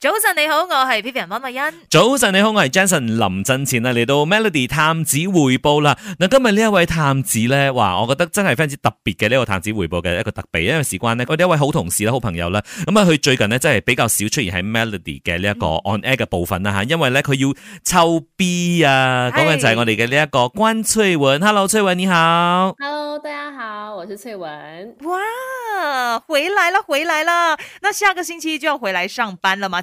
早晨你好，我係 Vivian 溫柏欣。早晨你好，我係 Jenson 林振前啊，嚟到 Melody 探子匯報啦。嗱，今日呢一位探子咧，哇我覺得真係非常之特別嘅呢、這個探子匯報嘅一個特別，因為事關呢我呢一位好同事啦，好朋友啦。咁、嗯、啊，佢最近呢真係比較少出現喺 Melody 嘅呢一個 on air 嘅部分啦吓、啊，因為咧佢要抽 B 啊。講緊、哎、就係我哋嘅呢一個關萃汶。Hello，萃汶你好。Hello，大家好，我係萃汶。哇，回來了，回來了。那下個星期就要回來上班啦嘛？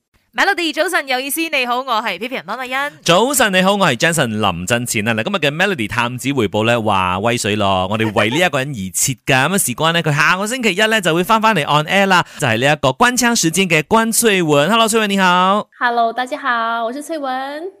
Melody 早晨有意思，你好，我係 P P 人方麥欣。早晨你好，我係 Jensen 林振前啊！嗱，今日嘅 Melody 探子回報咧話威水咯，我哋為呢一個人而設噶咁啊！事關咧，佢下個星期一咧就會翻翻嚟 on air 啦，就係呢一個關槍時間嘅關萃汶。Hello 萃汶你好，Hello 大家好，我是萃汶。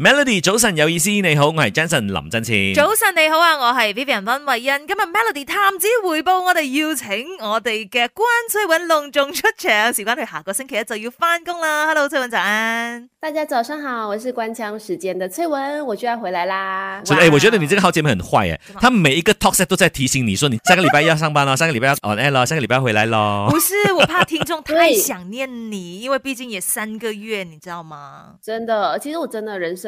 Melody 早晨有意思，你好，我係 Jason 林振前。早晨你好啊，我係 Vivian 溫慧欣。今日 Melody 探子匯報，我哋邀請我哋嘅關翠雯隆重出場。事關佢下個星期一就要翻工啦。Hello，翠早安！大家早上好，我是關槍時間的翠雯，我就要回來啦。所以、欸哇欸，我覺得你這個好姐妹很壞誒、欸，佢麼每一個 talkset 都在提醒你，說你下個禮拜要上班啦，下 個禮拜要 o n l i 下個禮拜要回來咯。 不是，我怕聽眾太想念你，對因為畢竟也三個月，你知道嗎？真的，其實我真的人生。